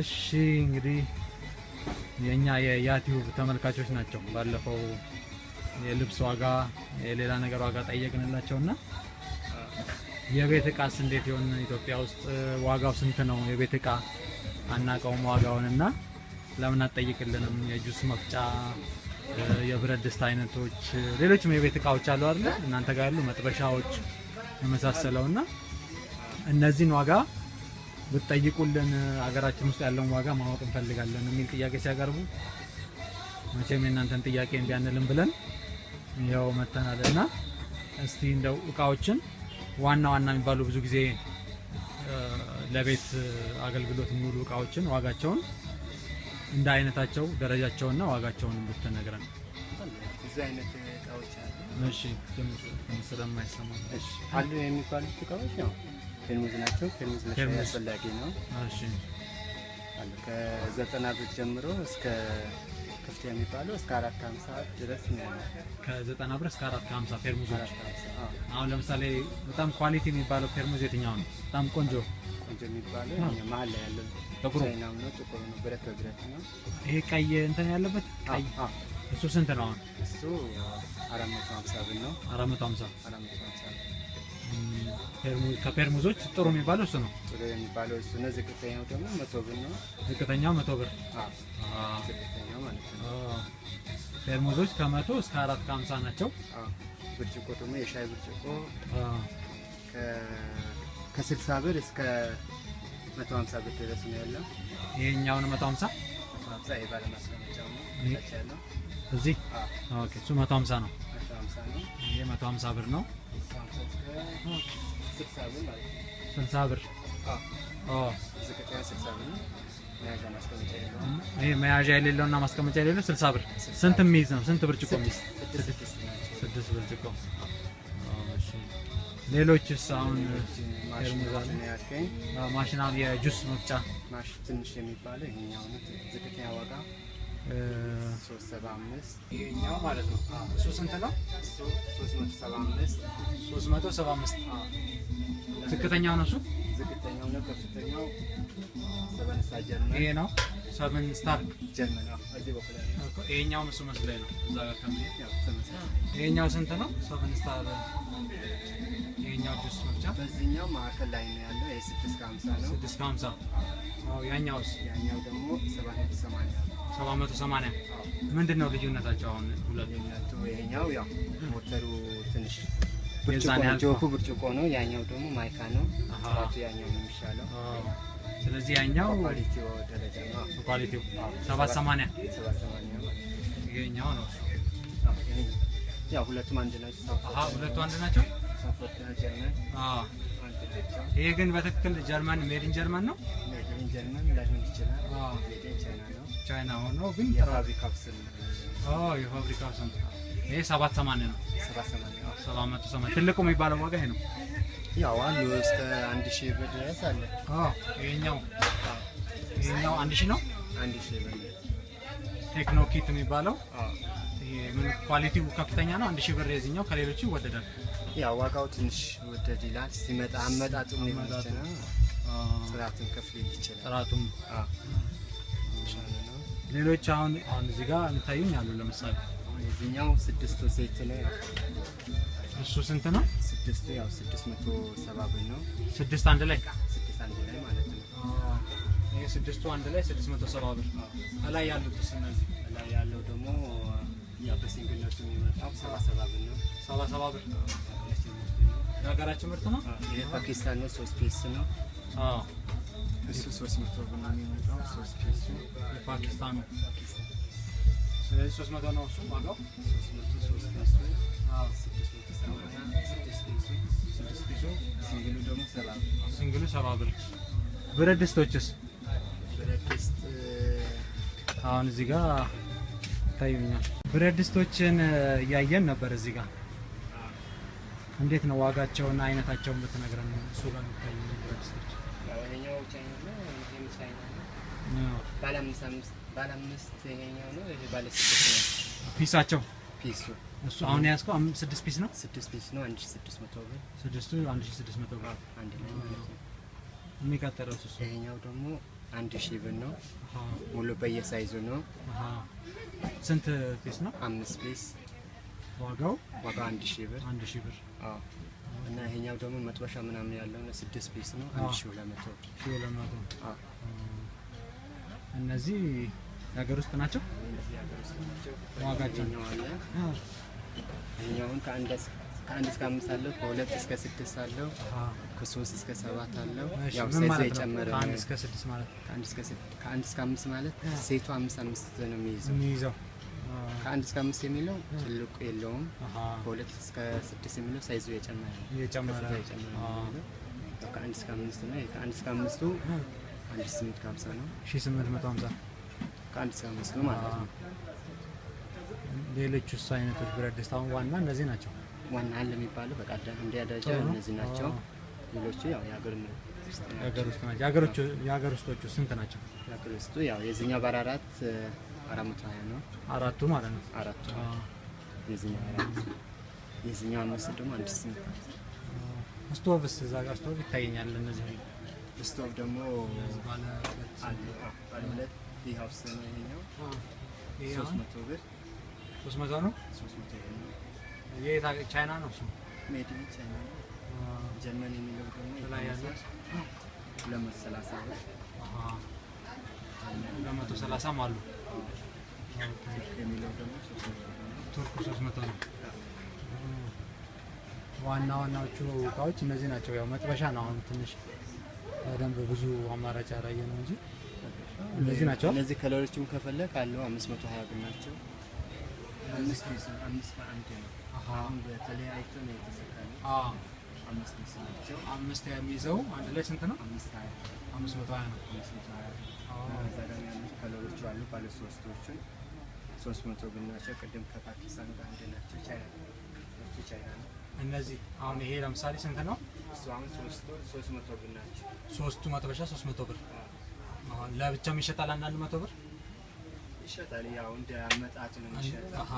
እሺ እንግዲህ የኛ የያቲዩብ ተመልካቾች ናቸው። ባለፈው የልብስ ዋጋ የሌላ ነገር ዋጋ ጠየቅንላቸውና የቤት እቃስ እንዴት ይሆን ኢትዮጵያ ውስጥ ዋጋው ስንት ነው? የቤት እቃ አናውቀውም ዋጋውንና ለምን አትጠይቅልንም? የጁስ መፍጫ፣ የብረት ድስት አይነቶች፣ ሌሎችም የቤት እቃዎች አሉ አይደል? እናንተ ጋር ያሉ መጥበሻዎች የመሳሰለውና እነዚህን ዋጋ ብትጠይቁልን አገራችን ውስጥ ያለውን ዋጋ ማወቅ እንፈልጋለን የሚል ጥያቄ ሲያቀርቡ መቼም የእናንተን ጥያቄ እምቢ አንልም ብለን ያው መተናል እና እስቲ እንደው እቃዎችን ዋና ዋና የሚባሉ ብዙ ጊዜ ለቤት አገልግሎት የሚውሉ እቃዎችን ዋጋቸውን እንደ አይነታቸው ደረጃቸውና ዋጋቸውን ብትነግረን። ብዙ አይነት እቃዎች አሉ። እሺ፣ ድምፅ ስለማይሰማ አሉ የሚባሉት እቃዎች ነው ፌርሙዝ ናቸው። ፌርሙዝ ለሻይ አስፈላጊ ነው። ከዘጠና ብር ጀምሮ እስከ ክፍት የሚባለው እስከ አራት ሀምሳ ድረስ ነው። ከዘጠና ብር እስከ አራት ሀምሳ ፌርሙዞች። አሁን ለምሳሌ በጣም ኳሊቲ የሚባለው ፌርሙዝ የትኛው ነው? በጣም ቆንጆ ቆንጆ የሚባለው መሀል ላይ ያለው ጥቁሩ ነው። ጥቁሩ ነው። ብረት በብረት ነው። ይሄ ቀይ እንትን ያለበት ቀይ እሱ ስንት ነው? አሁን እሱ አራት መቶ ሀምሳ ብር ነው። አራት መቶ ሀምሳ ከፔርሙዞች ጥሩ የሚባለው እሱ ነው። ጥሩ የሚባለው እሱ ነው። ዝቅተኛው ደግሞ መቶ ብር ነው። ዝቅተኛው መቶ ብር ዝቅተኛው ማለት ነው። ፔርሙዞች ከመቶ እስከ አራት ከሀምሳ ናቸው። ብርጭቆ ደግሞ የሻይ ብርጭቆ ከስልሳ ብር እስከ መቶ ሀምሳ ብር ድረስ ነው ያለው። ይሄኛውን መቶ ሀምሳ መቶ ሀምሳ ነው ያለው እዚህ እሱ መቶ ሀምሳ ነው። ይሄ 150 ብር ነው። 60 ብር ይሄ መያዣ የሌለውና ማስቀመጫ የሌለው 60 ብር። ስንት የሚይዝ ነው? ስንት ብርጭቆ የሚይዝ? ስድስት ብርጭቆ። ሌሎችስ አሁን ማሽና የጁስ መፍጫ ትንሽ የሚባለው ይሄኛው ዝቅተኛ ዋጋ ይኸኛው ማለት ነው። እሱ ስንት ነው? ሦስት መቶ ሰባ አምስት ዝቅተኛው ነው። እሱ ዝቅተኛው ነው። ከፍተኛው ይሄ ነው። ሰብን ስታር ይሄኛውም እሱ መስሎኝ ነው። ይሄኛው ስንት ነው? ሰብን ስታር ይሄኛው ጁስ ብቻ በዚህኛው ማዕከል ላይ ነው ያለው። ስድስት ከሀምሳ ነው። ስድስት ከሀምሳ ያኛውስ? ያኛው ደግሞ ሰባት ሰማንያ ነው ሰባ ምንድን ነው ልዩነታቸው? አሁን ሁለቱ ሞተሩ ትንሽ ጆኩ ብርጭቆ ነው፣ ያኛው ደግሞ ማይካ ነው። ጥራቱ ያኛው ነው የሚሻለው። ስለዚህ ያኛው ኳሊቲው ደረጃ ሰማንያ ይሄኛው ነው። ያው ሁለቱም አንድ ናቸው። ሁለቱ አንድ ናቸው። ይሄ ግን በትክክል ጀርመን ሜድን ጀርመን ነው። ቻይና ሆኖ ግን የፋብሪካው ስም ይሄ ሰባት ሰማንያ ነው። ሰባት መቶ ሰማንያ ትልቁ የሚባለው ዋጋ ይሄ ነው። ያው አንዱ እስከ አንድ ሺህ ብር ድረስ አለ። ይሄኛው ይሄኛው አንድ ሺህ ነው። አንድ ሺህ ብር ቴክኖ ኪት የሚባለው ኳሊቲው ከፍተኛ ነው። አንድ ሺህ ብር የዚህኛው ከሌሎቹ ይወደዳል። ያው ዋጋው ትንሽ ወደድ ይላል። ሲመጣ አመጣጡም ይመስላል ጥራቱን ከፍ ይችላል። ጥራቱም ሌሎች አሁን አሁን እዚህ ጋር እንታዩኝ አሉ። ለምሳሌ እዚህኛው ስድስቱ ሴት ነው። እሱ ስንት ነው? ስድስቱ ያው ስድስት መቶ ሰባ ብር ነው። ስድስት አንድ ላይ ስድስት አንድ ላይ ማለት ነው። ይሄ ስድስቱ አንድ ላይ ስድስት መቶ ሰባ ብር ከላይ ያሉት እነዚህ ከላይ ያለው ደግሞ ያው በሲንግል ነው የሚመጣው ሰባ ሰባ ብር ነው። ሰባ ሰባ ብር የሀገራችን ምርት ነው። ይሄ ፓኪስታን ነው። ሶስት ፒስ ነው። አዎ እሱ ሶስት መቶ ነው የሚመጣው። ሶስት ፒስ ስለዚህ ሶስት መቶ ነው እሱ ዋጋው ሶስት መቶ ሶስት ፒስ አዎ መቶ ፒስ ፒስ ሲንግሉ ደግሞ ሰባ ሲንግሉ ሰባ ብር። ብረት ድስቶችስ? ብረት ድስት አሁን እዚህ ጋር ይታዩኛል። ብረት ድስቶችን እያየን ነበር እዚህ ጋር እንዴት ነው ዋጋቸውና አይነታቸውን ብትነግረን እሱ ጋር የሚታዩ ብረድስቶች ነው ይሄም ቻይና ነው ነው ይሄ ባለ ስድስት ፒሳቸው እሱ አሁን ያዝከው ስድስት ፒስ ነው ስድስት ፒስ ነው አንድ ሺህ ስድስት መቶ ብር ስድስቱ አንድ ሺህ ስድስት መቶ ብር አንድ ላይ ማለት ነው የሚቀጥለው እሱ ይሄኛው ደግሞ አንድ ሺ ብር ነው ሙሉ በየሳይዙ ነው ስንት ፒስ ነው አምስት ፒስ ዋጋው ዋጋ አንድ ሺህ ብር አንድ ሺህ ብር እና ይሄኛው ደግሞ መጥበሻ ምናምን ያለው ነው ስድስት ፒስ ነው አንድ ሺህ ሁለት መቶ ሺህ ሁለት መቶ እነዚህ የሀገር ውስጥ ናቸው ዋጋቸው ይሄኛውን ከአንድ ከአንድ እስከ አምስት አለው፣ ከሁለት እስከ ስድስት አለው፣ ከሶስት እስከ ሰባት አለው። ያው ሳይዝ የጨመረ ከአንድ እስከ ስድስት ማለት ከአንድ እስከ አምስት ማለት ሴቱ አምስት አምስት ነው የሚይዘው የሚይዘው ከአንድ እስከ አምስት የሚለው ትልቁ የለውም። ከሁለት እስከ ስድስት የሚለው ሳይዙ የጨመረ የጨመረ ከአንድ እስከ አምስት ነው። ከአንድ እስከ አምስቱ አንድ ስምንት መቶ ነው። ሺ ስምንት መቶ ሀምሳ ከአንድ እስከ አምስት ነው ማለት ነው። ሌሎች ውስ አይነቶች ብረት ድስት አሁን ዋና እነዚህ ናቸው። ዋና አለ የሚባለው በቃ እንደ እነዚህ ናቸው። ሌሎቹ ያው የሀገር የሀገር ውስጥ ናቸው። የሀገር ውስጦቹ ስንት ናቸው? የሀገር ውስጡ ያው የዚህኛው ባለ አራት አራቱ ማለት ነው። አራቱ የዚህኛው አራት የዚህኛው አምስት ደግሞ አንድ ስንት ስቶቭስ እዛ ጋር ስቶቭ ይታየኛል። እነዚህ ስቶቭ ደግሞ ባለ ሁለት መቶ ነው። ሶስት መቶ ቻይና ነው ሜድ ኢን ቻይና ነው። ጀርመን የሚለው ደግሞ ሁለት መቶ ሰላሳ ብር መቶ ሰላሳም አሉ። ቱርክ ሶስት መቶ ነው። ዋና ዋናዎቹ እቃዎች እነዚህ ናቸው። ያው መጥበሻ ነው አሁን ትንሽ በደንብ ብዙ አማራጭ ያላየ ነው እንጂ እነዚህ ናቸው። እነዚህ ከለሮችም ከፈለግ አለው አምስት መቶ ሀያ ብር ናቸው። አምስት የሚይዘው አንድ ላይ ስንት ነው? አምስት መቶ ሀያ ነው። እዛ ያሉት አሉ ባለ ሶስት መቶ ብር ናቸው። ቅድም ከፓኪስታን ጋር አንድ ናቸው። ቻይና ቻይና ነው። እነዚህ አሁን ይሄ ለምሳሌ ስንት ነው? ሶስት መቶ ብር ናቸው። ሶስቱ መጥበሻ ሶስት መቶ ብር አሁን ለብቻም ይሸጣል። አንዳንድ መቶ ብር ይሸጣል። ያው እንደ አመጣጡ ነው የሚሸጠው።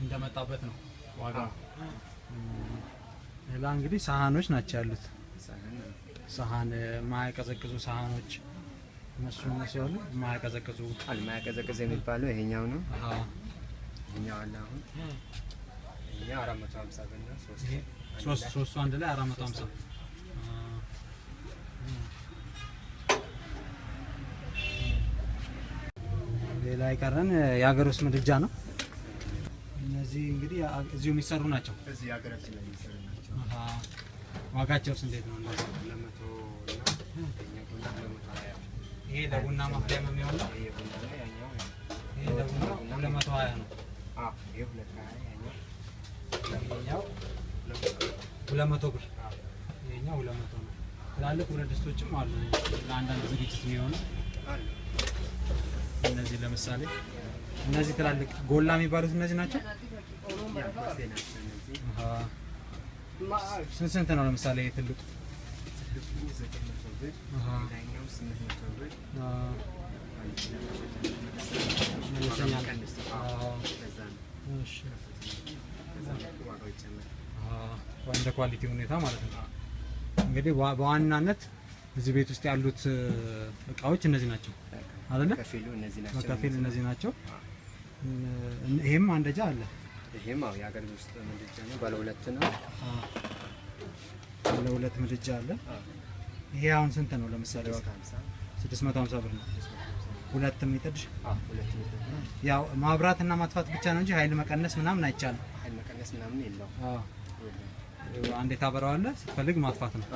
እንደመጣበት ነው ዋጋ። ሌላ እንግዲህ ሳህኖች ናቸው ያሉት። ሳህን ማያቀዘቅዙ ሳህኖች እነሱ ሲሆኑ ማያቀዘቅዙ አልማያቀዘቅዝ የሚባለው ይሄኛው ነው። ይሄኛው አለ አሁን ይሄ አራት መቶ ሀምሳ ብር ሶስት ሶስቱ አንድ ላይ አራት መቶ ሀምሳ ሌላ የቀረን የሀገር ውስጥ ምድጃ ነው። እነዚህ እንግዲህ እዚሁ የሚሰሩ ናቸው። እዚህ ሀገራችን ላይ የሚሰሩ ናቸው። ዋጋቸውስ እንዴት ነው? ለመቶ እና ለመቶ ሀያ ይሄ ለቡና ማፍያ ነው ይሄ ለቡና ሁለት መቶ ሀያ ነው። ሁለት መቶ ብር፣ ይሄኛው ሁለት መቶ ነው። ትላልቅ ሁለት ድስቶችም አሉ ለአንዳንድ ዝግጅት የሚሆኑ እነዚህ ለምሳሌ እነዚህ ትላልቅ ጎላ የሚባሉት እነዚህ ናቸው። ስንት ስንት ነው? ለምሳሌ ትልቁ እንደ ኳሊቲ ሁኔታ ማለት ነው። እንግዲህ በዋናነት እዚህ ቤት ውስጥ ያሉት እቃዎች እነዚህ ናቸው አይደለ? በከፊል እነዚህ ናቸው። ይሄም አንደጃ አለ። ይሄም ያው የሀገር ውስጥ ምድጃ ነው። ባለ ሁለት ነው። ባለ ሁለት ምድጃ አለ። ይሄ አሁን ስንት ነው? ለምሳሌ 650 ብር ነው። ሁለት ሜትር ያው ማብራት እና ማጥፋት ብቻ ነው እንጂ ኃይል መቀነስ ምናምን አይቻልም። ኃይል መቀነስ ምናምን የለው። አዎ አንዴ ታበራዋለህ፣ ስትፈልግ ማጥፋት ነው።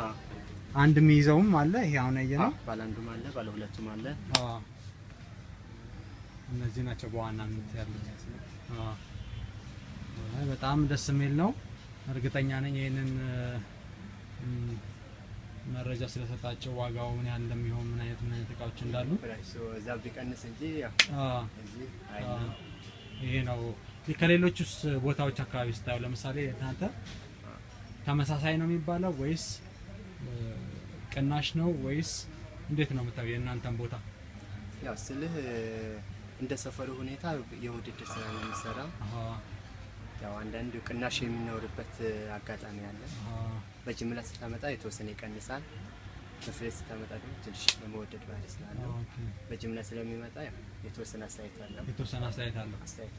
አንድ የሚይዘውም አለ። ይሄ አሁን ያየ ነው። ባለ አንዱም አለ፣ ባለ ሁለቱም አለ። አዎ እነዚህ ናቸው በዋናነት ያሉት። አዎ በጣም ደስ የሚል ነው። እርግጠኛ ነኝ ይሄንን መረጃ ስለሰጣቸው ዋጋው ምን ያህል እንደሚሆን ምን አይነት ምን አይነት እቃዎች እንዳሉ እዛ ቢቀንስ እንጂ ይሄ ነው። ከሌሎቹስ ቦታዎች አካባቢ ስታዩ ለምሳሌ እናንተ ተመሳሳይ ነው የሚባለው ወይስ ቅናሽ ነው ወይስ እንዴት ነው የምታዩ የእናንተን ቦታ? ያው ስልህ እንደ ሰፈሩ ሁኔታ የውድድር ስራ ነው የሚሰራው አንዳንድ ቅናሽ የሚኖርበት አጋጣሚ አለ። በጅምላ ስታመጣ የተወሰነ ይቀንሳል። በፍሬ ስታመጣ ደግሞ ትንሽ ለመወደድ ባህሪ ስላለ በጅምላ ስለሚመጣ የተወሰነ አስተያየት አለው። የተወሰነ አስተያየት አለ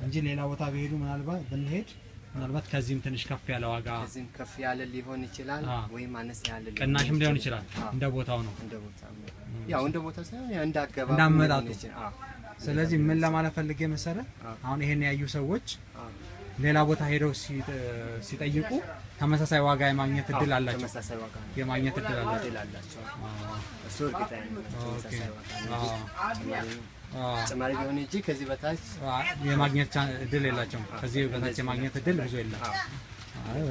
እንጂ ሌላ ቦታ ቢሄዱ ምናልባት ብንሄድ ምናልባት ከዚህም ትንሽ ከፍ ያለ ዋጋ ከዚህም ከፍ ያለ ሊሆን ይችላል፣ ወይም አነስ ያለ ቅናሽም ሊሆን ይችላል። እንደ ቦታው ነው። እንደ ቦታው ነው ያው እንደ ቦታው ሳይሆን እንደ አገባብ እንዳመጣጡ። ስለዚህ ምን ለማለት ፈልጌ መሰለህ አሁን ይሄን ያዩ ሰዎች ሌላ ቦታ ሄደው ሲጠይቁ ተመሳሳይ ዋጋ የማግኘት እድል አላቸው። የማግኘት እድል አላቸው። እሱ ጭማሪ ቢሆን እንጂ ከዚህ በታች የማግኘት እድል የላቸውም። ከዚህ በታች የማግኘት እድል ብዙ የለም።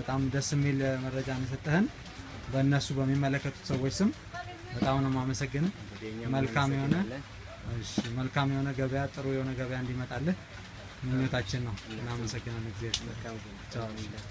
በጣም ደስ የሚል መረጃ ነው የሰጠህን። በእነሱ በሚመለከቱት ሰዎች ስም በጣም ነው የማመሰግንህ። መልካም የሆነ መልካም የሆነ ገበያ ጥሩ የሆነ ገበያ እንዲመጣልህ ምኞታችን ነው። እናመሰግናለን። ጊዜ